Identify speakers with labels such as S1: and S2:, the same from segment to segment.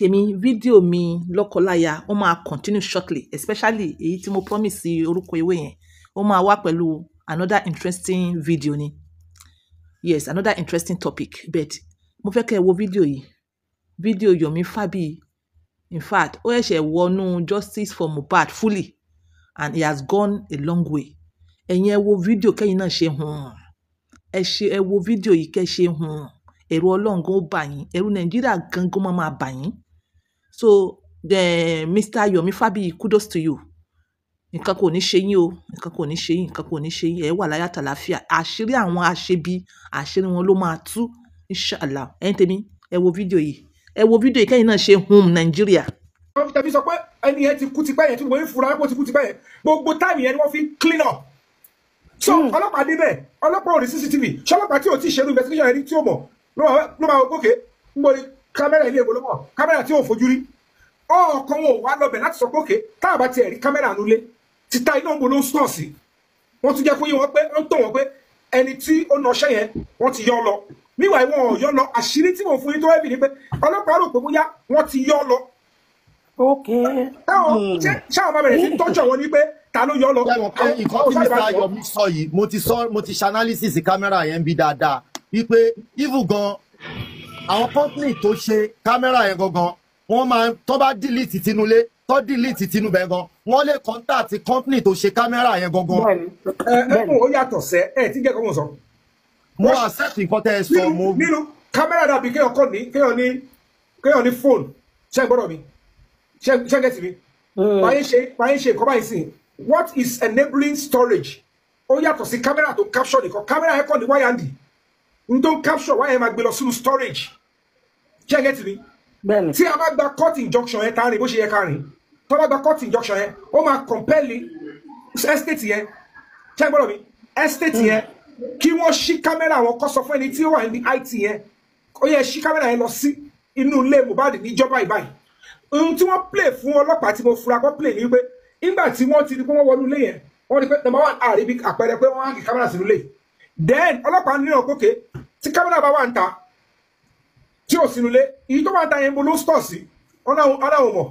S1: tèmi fídíò mi lọ́kọláya ó máa continue shortly especially èyí tí mo promise orúkọ ewé yẹn ó máa wá pẹ̀lú another interesting video ni yes another interesting topic but mo fẹ́ kẹ́ ẹ wo fídíò yìí fídíò Yomi Fabi. in fact ó ṣẹ̀ṣẹ̀ wọnú justice for Mohbad fully and he has gone a long way ẹ̀yin ẹ wo fídíò kẹ́yìn náà ṣe hùn ẹ ṣe ẹ wo fídíò yìí kẹ́ ṣe hùn ẹ̀rù ọlọ́run gan ó bà yín ẹ̀rù nàìjíríà gangan máa bà yín so the mr yomi Fabi, kudos to you nǹkan kò ní ṣe yín o nǹkan kò ní ṣe yín nǹkan kò ní ṣe yín ẹ wà láyà tàlàfíà àṣírí àwọn àṣebi àṣírí wọn ló máa tú inshallah ẹ̀yin tèmi ẹ wo fídíò yìí ẹ wo fídíò yìí kẹ́yìn náà ṣe hum nàìjíríà. wọ́n fi tẹ̀bí sọ pé ẹni yẹn ti kú tipẹ́ yẹn tí wọ́n fura pé ó ti kú tipẹ́ yẹn gbogbo táìmù yẹn ni wọ́n fi clean up. so hmm. ọlọ́pàá débẹ̀ ọlọ́pàá òní cctv ṣọlọ́pàá tí ò ti ṣerú investigation ẹni tí ò mọ̀ ló máa gbókè ń bọ̀ ní kámẹ́rà ilé ìbò ló mọ̀ kámẹ́rà tí ò fojú rí ọ̀rọ̀ kan wọn ò wá lọ́bẹ̀ láti sọ pé òkè tá a bá tiẹ̀ rí kámẹ́rà nulẹ̀ títa iná ògbó ló ń sàn sí wọ́n tún jẹ́ kó yé wọn pé ó ń tọ̀ wọ́n pé ẹni tí ó na ọṣẹ́ yẹn wọ́n ti yọ lọ níwà ìwọ̀n ọ̀yọ́ lọ àṣírí tí mò ń fún yín tó wẹ́bì ni pé ọlọ́pàá rò pé bóyá wọ́n ti yọ lọ. táwọn hmm. ṣáà máa bẹ̀rẹ̀ sí tọ́jú àwọn ní pé ta ló yọ lọ. ìkan tí mr Yomi sọ yìí mo ti sọ mo ti ṣe analysis kámẹ́rà yẹn bí dáadáa wípé even gan àwọn company tó ṣe kámẹ́rà yẹn gangan wọ́n máa tó bá dìlítì tinúlé tó dìlítì tinúbẹ̀ gan wọ́n lè kọ́ńtàtì company tó ṣe kámẹ́rà yẹn gangan. bẹ́ẹ̀ni ó yàtọ̀ sẹ́ ẹ ti jẹ́ kọ́mọ̀ sọ. mo accept nǹkan tẹ́ ẹ sọ mo. nínú kámẹ́rà dàbí kéèyàn kọ́ ní kéèyàn ní kéèyàn ní fóònù ṣe gbọ́dọ̀ mi ṣe gẹ̀ẹ́sì mi. báyìí ṣe báyìí ṣe nǹkan báyìí sìn what is enabling storage ó yàtọ̀ sí kámẹ́rà tó capture nìkan kámẹ́rà yẹn kọ́ ní wáyà ń dì n tó ń capture wáyà yẹn máa gbé lọ sínú storage ṣe gẹ̀ẹ́sì mi tí a bá gba court injunction yẹn kárin bó ṣe yẹ kárin tó bá gba court injunction yẹn ó máa compel estate yẹn ṣé gbọ́dọ̀ mi estate yẹn kí wọ́n ṣí kámẹ́rà wọn kọ́ sọ fún ẹni tí ó wà ní IT yẹn ó yẹ ṣí kámẹ́rà yẹn lọ sí inú ilé Mohbad níjọba ìbáyìí ohun tí wọ́n play fún ọlọ́pàá tí mo fura kọ́ play ni pé nígbà tí wọ́n ti rí pé wọ́n wọnú ilé yẹn wọ́n rí pé number one àríbi àpẹẹrẹ pé wọ́n á kí kámẹ́rà sínú ilé then ọlọ́pàá ní ọ̀kọ́kẹ́ tí kámẹ́rà bá wà ń ta tí ò sínú ilé iye tó bá da yẹn mo ló stọ̀ sí ọ̀làwọ̀n mọ̀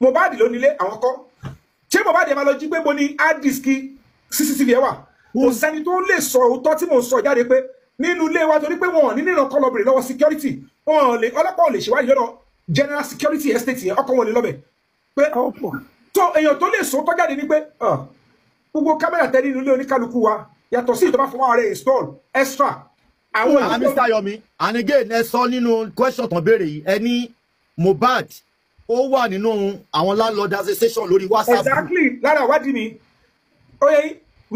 S1: Mohbad ló nílé àwọn kọ́ ṣé Mohbad yẹn máa lọ jí pé mo ní hard disk cctv ẹ wà kò hmm. sẹ́ni tó lè sọ òótọ́ tí mò sọ jáde pé nínú ilé wa torí pé wọn ò ní nínú ọkọ lọ́wọ́ security wọn ò lè ọlọ́pàá ò lè ṣèwádìí lọ́dọ̀ general security estate yẹn ọkọ wọn lè lọ́bẹ̀ pé tó èèyàn tó lè sọ tọ́jáde ni pé ah, gbogbo kámẹ́rà tẹ nínú ilé oníkálukú wa yàtọ̀ sí ìjọba fún wa rẹ̀ install extra àwọn ìlú ah, Mr. Yomi and again ẹ sọ nínú question tán béèrè yìí ẹ ní Mohbad ó wà nínú àwọn landlord association lórí WhatsApp. exactly lára ìwádìí mi oye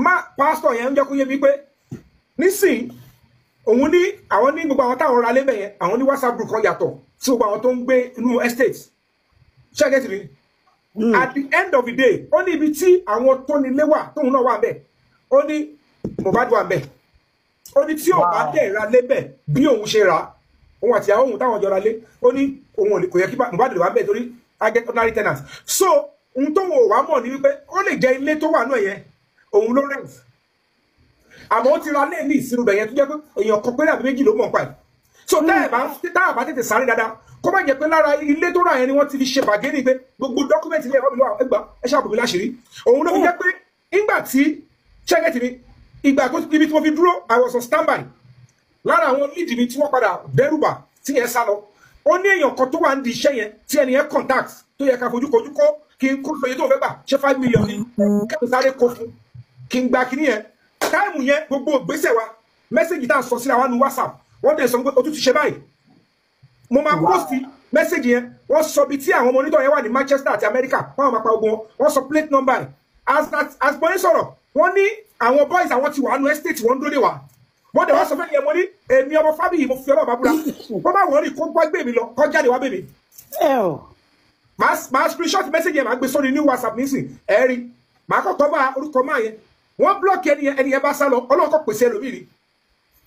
S1: má pásítọ̀ yẹn ń jẹ́ kó yé mi pé nísìn òun ní àwọn ní gbogbo àwọn táwọn ra lébẹ̀ yẹn àwọn ní WhatsApp group kan yàtọ̀ sí gbogbo àwọn tó ń gbé inú estate ṣẹ́gẹ́tì ni hmm. at the end of the day ó ní ibi tí àwọn tónilé wà tóun náà wà bẹ́ẹ̀ ó ní Mohbad wà bẹ́ẹ̀ ó ní tí òun bá dẹ̀ ra lébẹ̀ bí òun ṣe rà òun àti àwọn òun táwọn jọra lé ó ní òun kò yẹ kí Mohbad wà bẹ́ẹ̀ torí target ordinary tenant so ohun tó wò wá mọ̀ ni wípé ó lè jẹ́ ilé tó wà náà yẹn òun ló rent àmọ́ ó ti ra lé ní ìsinmi bẹ̀yẹn tó jẹ́ pé èèyàn kan péré àbí méjì ló mọ̀ pa so táà bá tètè sáré dáadáa kó má jẹ́ pé lára ilé tó rà yẹn ni wọ́n ti fi ṣe bàgẹ́nì pé gbogbo dọ́kúmẹ̀ntì ilé ẹ̀kọ́ mi lọ́wọ́ ẹgbàá ẹ ṣàbùkù láṣìírí òun ló fi jẹ́ pé nígbà tí ṣẹ́gẹ̀tì ni ìgbà tó ibi tí mo fi dúró I was on standby lára àwọn lídìí mi tí wọ́n padà dẹ́rùbà tí yẹn sá lọ ó ní èèyàn kan tó wà nídìí iṣẹ́ yẹn tí ẹni yẹn contact tó yẹ ká fojú kojú kó kí n kó lóye tó fẹ́ gbà ṣé five million ni kẹ́mi sáré kó fún kí n gba kíní yẹn táìmù yẹn gbogbo ìgbésẹ̀ wa mẹ́sẹ̀gì tá a sọ síra wa ní WhatsApp wọ́n dẹ̀ sọ pé o tún ti ṣe báyìí mo máa post mẹ́sẹ̀gì yẹn wọ́n sọ bí tí àwọn monitor yẹn wà ní Manchester àti America wọ́n máa pa ogun wọn wọ́n sọ plate number as as as bọ́ni sọ̀rọ̀ wọ́n ní àwọn boys àwọn ti wà nù estate wọ́n ń dóde wà wọ́n dẹ̀ wá sọ fẹ́ni yẹn mo ní èmi ọmọ Fábíyì mo fi ọlọ́ọ̀ bá búra wọ́n bá wọ́n rí kó gbọ́ gbé mi lọ kọ́ jáde wá bèbè. màá screenshot message yẹn màá gbé sórí new whatsapp nísìn ẹ rí màá kọ́kọ́ bá orúkọ máa yẹn wọ́n blọ́ọ̀kì ẹni yẹn ẹni yẹn bá sá lọ ọlọ́ọ̀kọ́ pèsè ẹlòmíì ni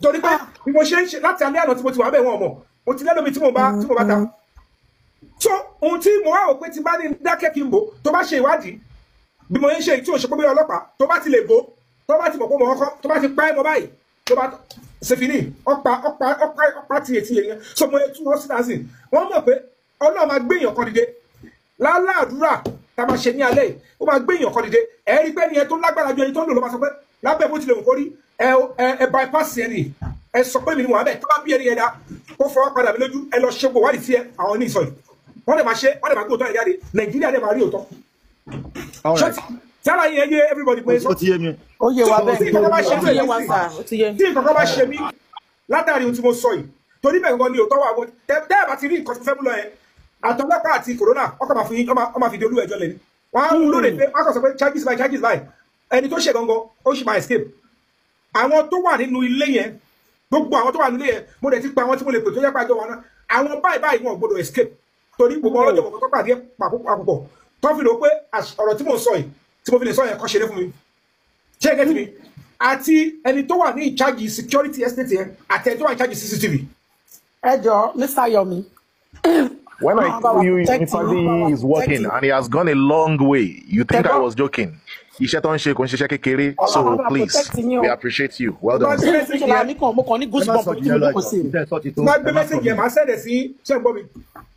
S1: torí pé ah. bí mo ṣe ń ṣe láti alẹ́ àná tí mo ti wà bẹ́ẹ̀ wọn ọmọ mo ti lẹ́lòmíì tí mo bá tí mo bá ta mm-hmm. so ohun tí mo wá wò pé ti bá ní dákẹ́ kí n bò tó bá ṣe ìwádìí bí mo ń ṣe tí o ṣe pé bí ọlọ́pàá tó bá ti lè bó tó bá ti mọ̀ pé mo kọ́kọ́ tó bá ti pa ẹ́ mọ́ báyìí tó bá ṣèfìní ọ̀pá ọ̀pá ọ̀pá ọ̀pá tiye tiye yẹn so mo yẹ two hundred thousand wọ́n mọ̀ pé ọlọ́run máa gbé èèyàn kan dìde láláàdúrà tá a máa ṣe ní alẹ́ yìí ó máa gbé èèyàn kan dìde ẹ̀ rí pé ẹni yẹn tó lágbára ju ẹni tó ń lò ló máa sọ pé lábẹ́ bó tilẹ̀ wù kó rí ẹ ẹ bypass ẹni ẹ sọ pé mi ni Muhammed tó bá bí ẹni yẹn dá kó fọwọ́ padà mi lójú ẹ lọ ṣe gbòwádìí sí ẹ àwọn ní ìsọyìn wọ́n lè máa ṣe wọ́n lè máa gbé ẹ̀ jáde Nàìjíríà lè máa rí òótọ́ all right sára yẹn yé everybody pé ó ti yé mi Oh yeah, wa bẹ́ẹ̀ tí kankan bá ṣe mí tí kankan bá ṣe mí látàrí ohun tí mo sọ yìí torí bẹ́ẹ̀ gan ni òótọ́ wà wọ́n tẹ́ẹ̀ bá ti rí nǹkan tó fẹ́ mú lọ yẹn àtọ́lọ́pàá àti kòrónà ọkọ̀ máa fi ọmọ àfi di olú ẹjọ́ lẹ́ni wọ́n á mú hmm. lóde pé wọ́n á kọ̀ sọ pé charges by charges by ẹni tó ṣe gangan ó ṣì máa escape àwọn tó wà nínú ilé yẹn gbogbo àwọn tó wà nílé yẹn mo dẹ̀ ti pa àwọn tí mo lè pè tó yẹ pàjọ wọn náà àwọn báyìí báyìí wọn ò gbọdọ̀ escape torí gbogbo ọlọ́jọ̀ kọ̀ọ̀kan pàdé papọ̀ tó fi rò pé ọ̀rọ̀ tí mo sọ yìí tí mo fi lè sọ yẹn kọ́ ṣeré fún mi ṣé ẹ gẹ́tì mi àti ẹni tó wà ní ìcháàjì security estate yẹn àti ẹni tó wà ní ìcháàjì CCTV. ẹ jọ Mr. Yomi. When I tell you Ifeanyi is working and he has gone a long way, you think I was joking? Iṣẹ́ tó ń ṣe kò ń ṣiṣẹ́ kékeré, so please, we appreciate you. Well done. Mo kàn ní goosebump tí mo kò sí. Má gbé sí ṣẹ́gbọ́n mi.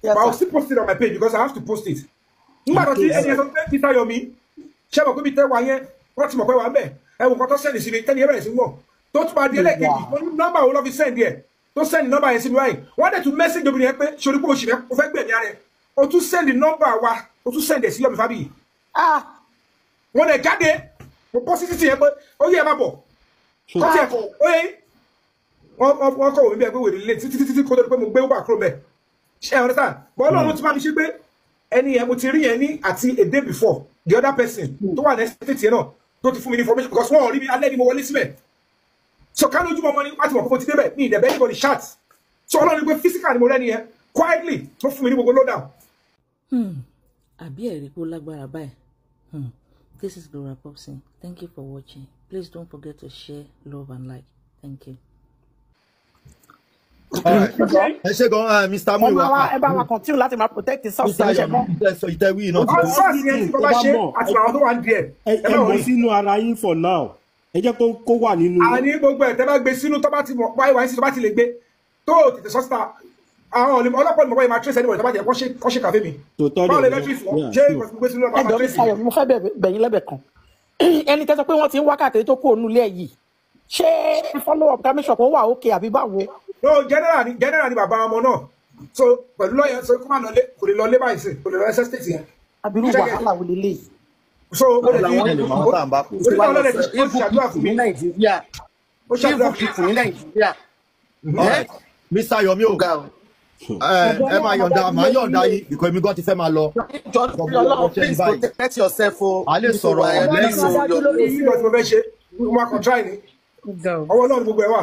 S1: But I will still post it on my page because I have to post it
S2: nígbàdàn tí ẹni ẹsọ
S1: tẹ ti tayọ mi ṣé mọ̀ pé mi tẹ́ wa yẹn wọ́n ti mọ̀ pé wa ń bẹ̀ ẹ wò tó sẹ́ni sí mi tẹ́ni ẹ bẹ̀rẹ̀ sí wọ̀ tó tún bá di ẹlẹ́kejì tó ní nọ́mbà wo lọ́ fi sẹ́ndì ẹ̀ tó sẹ́ndì nọ́mbà yẹn sí mi wáyé wọ́n dẹ̀ tún mẹ́sẹ̀gì obìnrin yẹn pé sori pé o sì fẹ́ o fẹ́ gbẹ̀mí ara rẹ̀ o tún sẹ́ndì nọ́mbà wa o tún sẹ́ndì ẹ̀ sí Yọ̀mí Fábíyì ah! wọ́n dẹ̀ jáde mo bọ́ sí títì yẹn pé ó yẹ ẹ bọ̀ kó tiẹ̀ ó yẹ wọ́n kọ̀ wọ́n mi bẹ́ẹ̀ pé wèrè ẹni yẹn mo ti rí yẹn ní àti a day before the other person tó wà ní estate yẹn náà tó ti fún mi ní information because wọn ò rí mi alẹ́ ni mo wọlé síbẹ̀ so ká lójúmọ́ mọ́ ni láti mọ̀ pé mo ti débẹ̀ ní ìdẹ̀bẹ̀ anybody chat so ọlọ́run pé physical ni mo rẹ́ni yẹn quietly ló fún mi ní gbogbo lowdown. Hmm. àbí ẹ̀rí kó lágbára báyìí hmm. this is Gloria Popson thank you for watching please don't forget to share love and like thank you. ẹ ṣe gan mr muiwa ẹ bá wa continue láti máa protect the south ṣe mọ ìtẹ̀wé náà ti bọ́ sí ní tó bá mọ̀ ẹ mọ̀ sínú ara yín for now ẹ jẹ́ kó wà nínú. àní gbogbo ẹ̀ tẹ́ bá gbé sínú tó bá ti mọ̀ wáyé wáyé sí tó bá ti lè gbé tó tètè sọ́sítà àwọn ọlọ́pàá ni mo bá yẹ máa trace anybody tó bá jẹ kọ́ ṣe kàfé mi. tòótọ́ ni mo ṣe ìgbésí ló máa trace mi. ẹ jọ mi fẹ́ bẹ̀yìn lẹ́bẹ̀ kan ẹni tẹ́tọ́ pé wọ́n ti ń wákàtí tó kú òun nílé yìí ṣé follow up ká make sure kó wà okay àbí báwo no general ni general ni bàbá ọmọ náà so pẹ̀lú lọ́yẹ̀ so kó má lọlé kò lè lọlé báyìí sí kò lè lọ ẹsẹ̀ stéètì yẹn. abirú wàhálà wò lélẹ̀ yìí. so o lè fi orí náà lọ́dẹ̀ tí o ṣàdúrà fún mi. o ṣàdúrà fún mi nàìjíríà. Mr. Yomi o ẹ máa yọ̀ǹda máa yọ̀ǹda yìí because èmi gan ti fẹ́ máa lọ. Jọ́dún please protect yourself o. a lè sọ̀rọ̀ ọ̀lẹ́yìn o. ọwọ́ náà ni gbogbo ẹ wà.